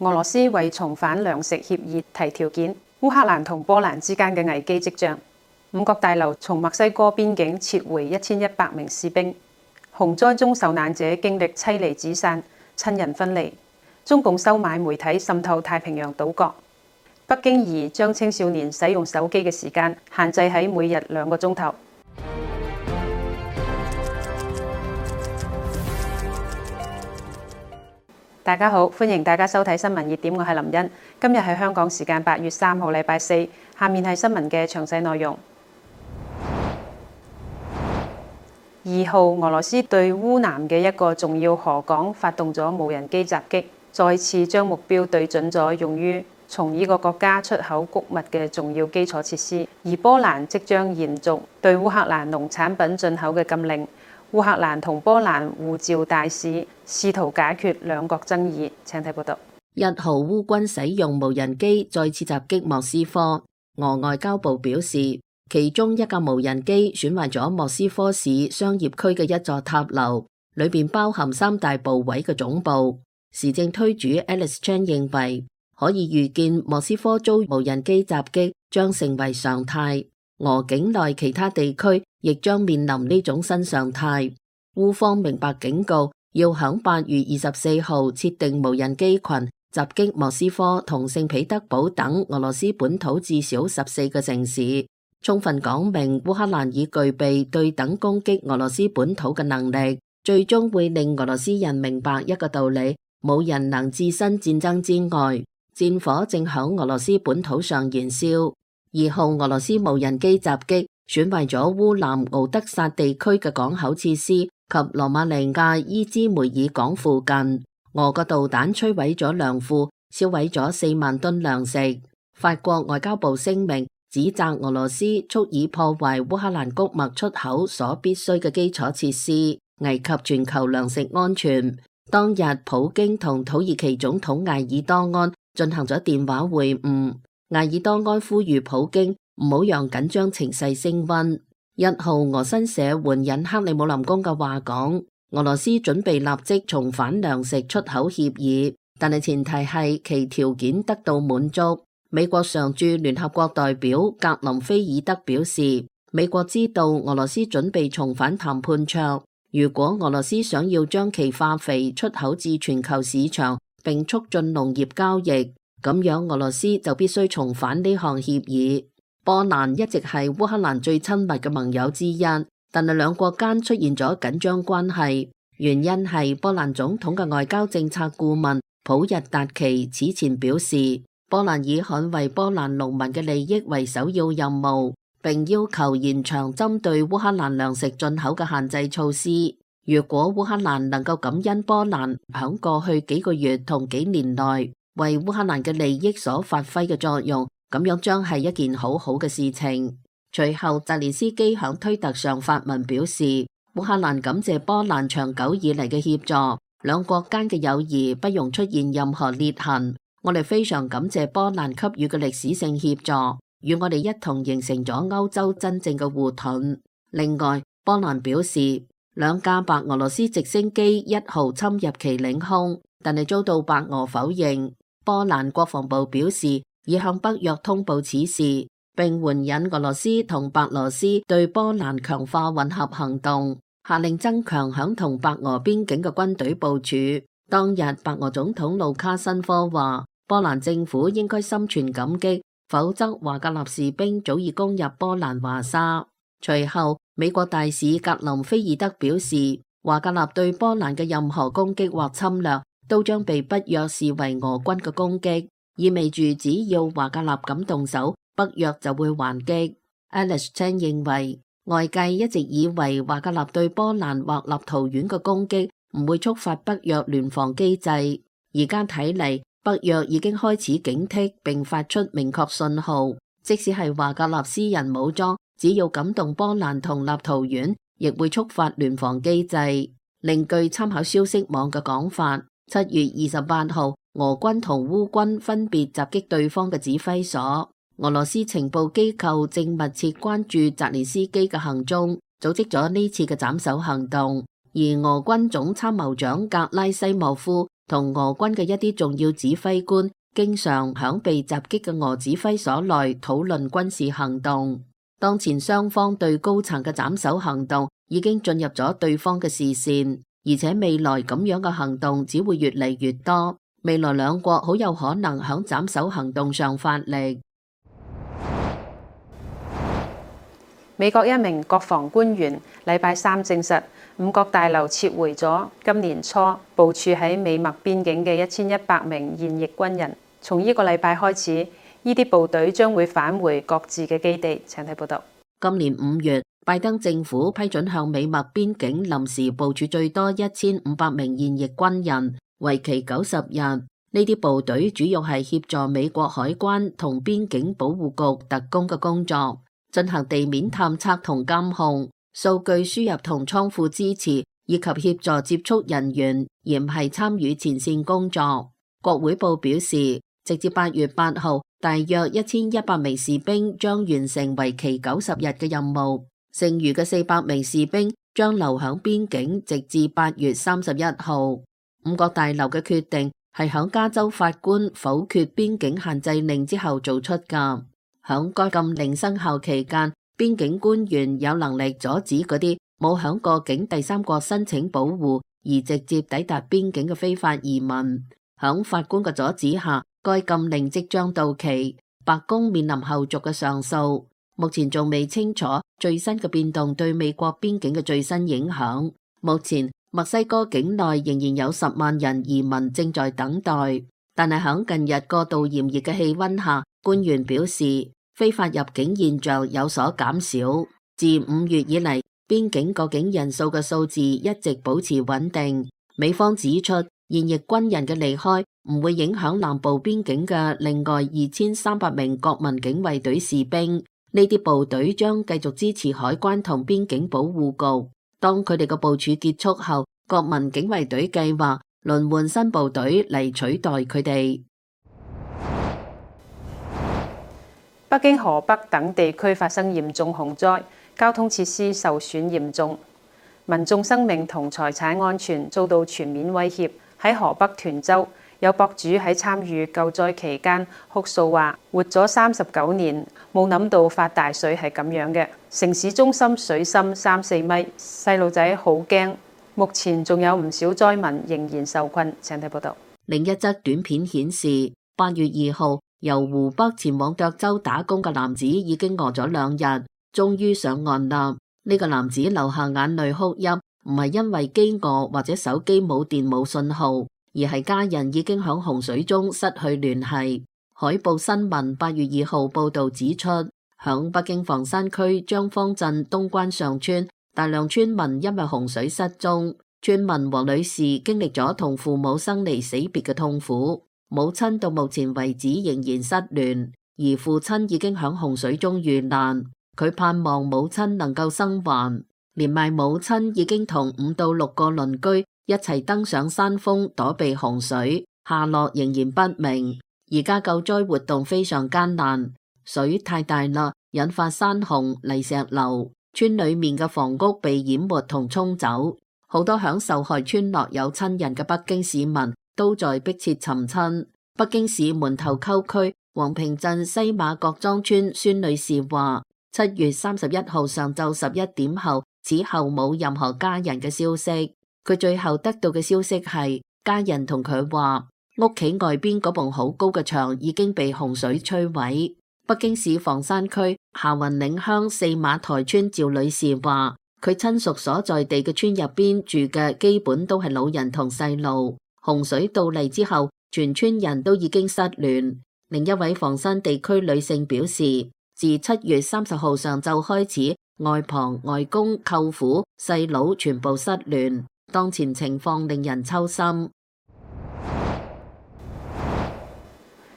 俄羅斯為重返糧食協議提條件，烏克蘭同波蘭之間嘅危機跡象。五角大樓從墨西哥邊境撤回一千一百名士兵。洪災中受難者經歷妻離子散、親人分離。中共收買媒體滲透太平洋島國。北京擬將青少年使用手機嘅時間限制喺每日兩個鐘頭。大家好，歡迎大家收睇新聞熱點，我係林茵。今日係香港時間八月三號，禮拜四。下面係新聞嘅詳細內容。二號， 俄羅斯對烏南嘅一個重要河港發動咗無人機襲擊，再次將目標對準咗用於從呢個國家出口穀物嘅重要基礎設施。而波蘭即將延續對烏克蘭農產品進口嘅禁令。烏克蘭同波蘭護照大使試圖解決兩國爭議，請睇報道。日豪烏軍使用無人機再次襲擊莫斯科，俄外交部表示，其中一架無人機損壞咗莫斯科市商業區嘅一座塔樓，裏邊包含三大部位嘅總部。時政推主 Alice Chan 認為，可以預見莫斯科遭無人機襲擊將成為常態。俄境內其他地區亦將面臨呢種新常態。烏方明白警告，要喺八月二十四號設定無人機群襲擊莫斯科同聖彼得堡等俄羅斯本土至少十四個城市，充分講明烏克蘭已具備對等攻擊俄羅斯本土嘅能力。最終會令俄羅斯人明白一個道理：冇人能置身戰爭之外，戰火正響俄羅斯本土上燃燒。二號俄羅斯無人機襲擊，損壞咗烏南敖德薩地區嘅港口設施及羅馬尼亞伊茲梅爾港附近。俄國導彈摧毀咗糧庫，燒毀咗四萬噸糧食。法國外交部聲明指責俄羅斯蓄意破壞烏克蘭穀物出口所必須嘅基礎設施，危及全球糧食安全。當日，普京同土耳其總統埃爾多安進行咗電話會晤。埃爾多安呼籲普京唔好讓緊張情勢升溫。一號俄新社援引克里姆林宮嘅話講，俄羅斯準備立即重返糧食出口協議，但係前提係其條件得到滿足。美國常駐聯合國代表格林菲爾德表示，美國知道俄羅斯準備重返談判桌，如果俄羅斯想要將其化肥出口至全球市場，並促進農業交易。咁樣俄羅斯就必須重返呢項協議。波蘭一直係烏克蘭最親密嘅盟友之一，但係兩國間出現咗緊張關係，原因係波蘭總統嘅外交政策顧問普日達奇此前表示，波蘭以捍衛波蘭農民嘅利益為首要任務，並要求延長針對烏克蘭糧食進口嘅限制措施。如果烏克蘭能夠感恩波蘭響過去幾個月同幾年內。為烏克蘭嘅利益所發揮嘅作用，咁樣將係一件好好嘅事情。隨後，澤連斯基響推特上發文表示：烏克蘭感謝波蘭長久以嚟嘅協助，兩國間嘅友誼不容出現任何裂痕。我哋非常感謝波蘭給予嘅歷史性協助，與我哋一同形成咗歐洲真正嘅護盾。另外，波蘭表示兩架白俄羅斯直升機一號侵入其領空，但係遭到白俄否認。波蘭國防部表示已向北約通報此事，並援引俄羅斯同白羅斯對波蘭強化混合行動，下令增強響同白俄邊境嘅軍隊部署。當日，白俄總統盧卡申科話：波蘭政府應該心存感激，否則華格納士兵早已攻入波蘭華沙。隨後，美國大使格林菲爾德表示：華格納對波蘭嘅任何攻擊或侵略。都將被北約視為俄軍嘅攻擊，意味住只要華格納敢動手，北約就會還擊。Alex Chen 認為，外界一直以為華格納對波蘭或立陶宛嘅攻擊唔會觸發北約聯防機制，而家睇嚟，北約已經開始警惕並發出明確信號。即使係華格納私人武裝，只要敢動波蘭同立陶宛，亦會觸發聯防機制。另據參考消息網嘅講法。七月二十八號，俄軍同烏軍分別襲擊對方嘅指揮所。俄羅斯情報機構正密切關注澤連斯基嘅行蹤，組織咗呢次嘅斬首行動。而俄軍總參謀長格拉西莫夫同俄軍嘅一啲重要指揮官，經常響被襲擊嘅俄指揮所內討論軍事行動。當前雙方對高層嘅斬首行動已經進入咗對方嘅視線。而且未來咁樣嘅行動只會越嚟越多，未來兩國好有可能響斬首行動上發力。美國一名國防官員禮拜三證實，五角大樓撤回咗今年初部署喺美墨邊境嘅一千一百名現役軍人，從呢個禮拜開始，呢啲部隊將會返回各自嘅基地。請睇報道。今年五月，拜登政府批准向美墨邊境臨時部署最多一千五百名現役軍人，為期九十日。呢啲部隊主要係協助美國海關同邊境保護局特工嘅工作，進行地面探測同監控、數據輸入同倉庫支持，以及協助接觸人員，而唔係參與前線工作。國會報表示，直至八月八號，大約一千一百名士兵將完成為期九十日嘅任務。剩餘嘅四百名士兵將留響邊境，直至八月三十一號。五角大樓嘅決定係響加州法官否決邊境限制令之後做出噶。響該禁令生效期間，邊境官員有能力阻止嗰啲冇響過境第三國申請保護而直接抵達邊境嘅非法移民。響法官嘅阻止下，該禁令即將到期。白宮面臨後續嘅上訴。目前仲未清楚最新嘅變動對美國邊境嘅最新影響。目前墨西哥境內仍然有十萬人移民正在等待，但係響近日過度炎熱嘅氣溫下，官員表示非法入境現象有所減少。自五月以嚟，邊境各警人數嘅數字一直保持穩定。美方指出，現役軍人嘅離開唔會影響南部邊境嘅另外二千三百名國民警衛隊士兵。呢啲部隊將繼續支持海關同邊境保護局。當佢哋嘅部署結束後，國民警衛隊計劃輪換新部隊嚟取代佢哋。北京、河北等地區發生嚴重洪災，交通設施受損嚴重，民眾生命同財產安全遭到全面威脅。喺河北涿州。有博主喺參與救災期間哭訴話：活咗三十九年，冇諗到發大水係咁樣嘅。城市中心水深三四米，細路仔好驚。目前仲有唔少災民仍然受困。請睇報道。另一則短片顯示，八月二號由湖北前往涿州打工嘅男子已經餓咗兩日，終於上岸啦。呢、這個男子流下眼淚哭泣，唔係因為飢餓或者手機冇電冇信號。而係家人已經響洪水中失去聯繫。海報新聞八月二號報道指出，響北京房山區張坊鎮東關上村，大量村民因為洪水失蹤。村民王女士經歷咗同父母生離死別嘅痛苦，母親到目前為止仍然失聯，而父親已經響洪水中遇難。佢盼望母親能夠生還，連埋母親已經同五到六個鄰居。一齊登上山峰躲避洪水，下落仍然不明。而家救災活動非常艱難，水太大啦，引發山洪、泥石流，村裏面嘅房屋被淹沒同沖走。好多響受害村落有親人嘅北京市民都在迫切尋親。北京市門頭溝區王平鎮西馬各莊村孫女士話：七月三十一號上晝十一點後，此後冇任何家人嘅消息。佢最後得到嘅消息係，家人同佢話屋企外邊嗰埲好高嘅牆已經被洪水摧毀。北京市房山區霞雲嶺鄉四馬台村趙女士話，佢親屬所在地嘅村入邊住嘅基本都係老人同細路。洪水到嚟之後，全村人都已經失聯。另一位房山地區女性表示，自七月三十號上晝開始，外婆、外公、舅父、細佬全部失聯。當前情況令人揪心。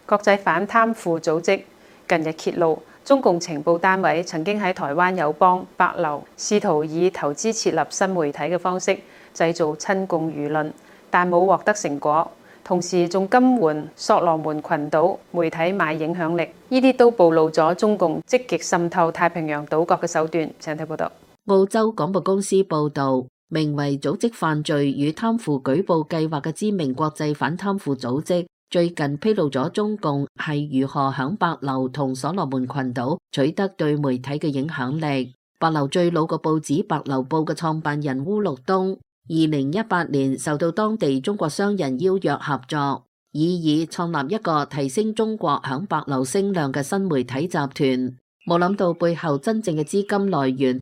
國際反貪腐組織近日揭露，中共情報單位曾經喺台灣友邦、帛琉試圖以投資設立新媒體嘅方式製造親共輿論，但冇獲得成果。同時仲金援索羅門群島媒體買影響力，呢啲都暴露咗中共積極滲透太平洋島國嘅手段。請睇報道，澳洲廣播公司報導。名為組織犯罪與貪腐舉報計劃嘅知名國際反貪腐組織，最近披露咗中共係如何響白流同所羅門群島取得對媒體嘅影響力。白流最老嘅報紙《白流報》嘅創辦人烏禄東，二零一八年受到當地中國商人邀約合作，以以創立一個提升中國響白流聲量嘅新媒體集團。冇諗到背後真正嘅資金來源。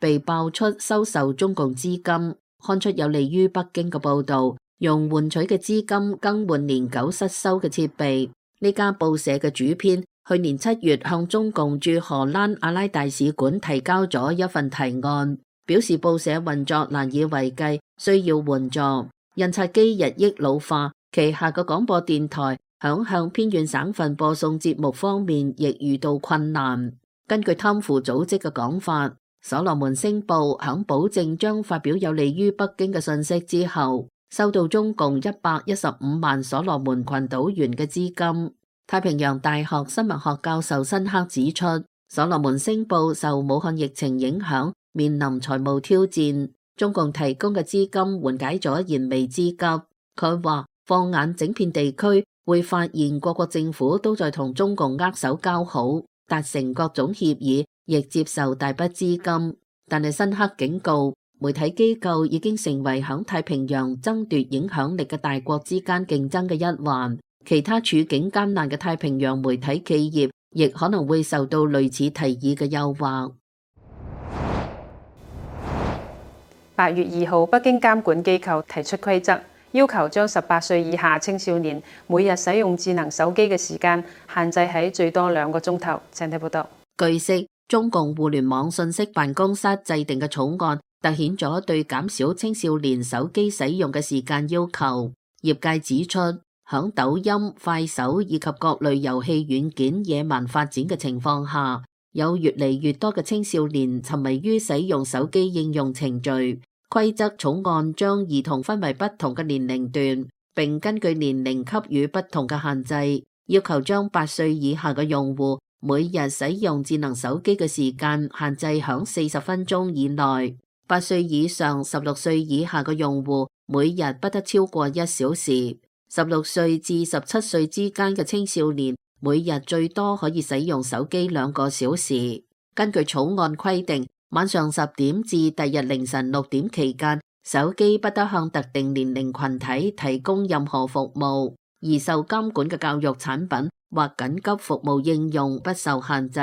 被爆出收受中共資金，刊出有利於北京嘅報道，用換取嘅資金更換年久失修嘅設備。呢家報社嘅主編去年七月向中共駐荷蘭阿拉大使館提交咗一份提案，表示報社運作難以為繼，需要援助。印刷機日益老化，旗下嘅廣播電台響向偏遠省份播送節目方面亦遇到困難。根據貪腐組織嘅講法，所羅門星報喺保證將發表有利於北京嘅信息之後，收到中共一百一十五萬所羅門群島元嘅資金。太平洋大學生物學教授辛克指出，所羅門星報受武漢疫情影響，面臨財務挑戰，中共提供嘅資金緩解咗燃眉之急。佢話：放眼整片地區，會發現各國政府都在同中共握手交好，達成各種協議。亦接受大筆資金，但係深刻警告媒體機構已經成為響太平洋爭奪影響力嘅大國之間競爭嘅一環。其他處境艱難嘅太平洋媒體企業亦可能會受到類似提議嘅誘惑。八月二號，北京監管機構提出規則，要求將十八歲以下青少年每日使用智能手機嘅時間限制喺最多兩個鐘頭。請睇報道，據悉。中共互聯網信息辦公室制定嘅草案，凸顯咗對減少青少年手機使用嘅時間要求。業界指出，響抖音、快手以及各類遊戲軟件野蠻發展嘅情況下，有越嚟越多嘅青少年沉迷於使用手機應用程序。規則草案將兒童分為不同嘅年齡段，並根據年齡給予不同嘅限制，要求將八歲以下嘅用戶。每日使用智能手機嘅時間限制響四十分鐘以內，八歲以上、十六歲以下嘅用戶每日不得超過一小時。十六歲至十七歲之間嘅青少年每日最多可以使用手機兩個小時。根據草案規定，晚上十點至第二日凌晨六點期間，手機不得向特定年齡群體提供任何服務，而受監管嘅教育產品。或緊急服務應用不受限制。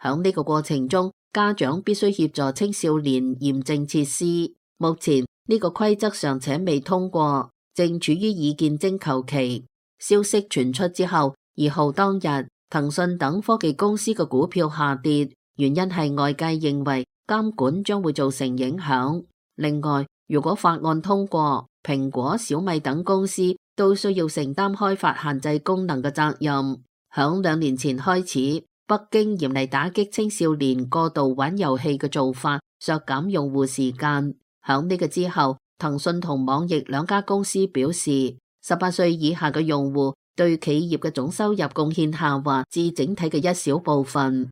響呢個過程中，家長必須協助青少年驗證設施。目前呢個規則尚且未通過，正處於意見徵求期。消息傳出之後，二號當日，騰訊等科技公司嘅股票下跌，原因係外界認為監管將會造成影響。另外，如果法案通過，蘋果、小米等公司，都需要承擔開發限制功能嘅責任。響兩年前開始，北京嚴厲打擊青少年過度玩遊戲嘅做法，削減用戶時間。響呢個之後，騰訊同網易兩家公司表示，十八歲以下嘅用戶對企業嘅總收入貢獻下滑至整體嘅一小部分。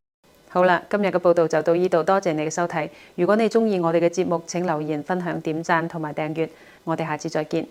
好啦，今日嘅報道就到呢度，多謝你嘅收睇。如果你中意我哋嘅節目，請留言、分享、點讚同埋訂閱。我哋下次再見。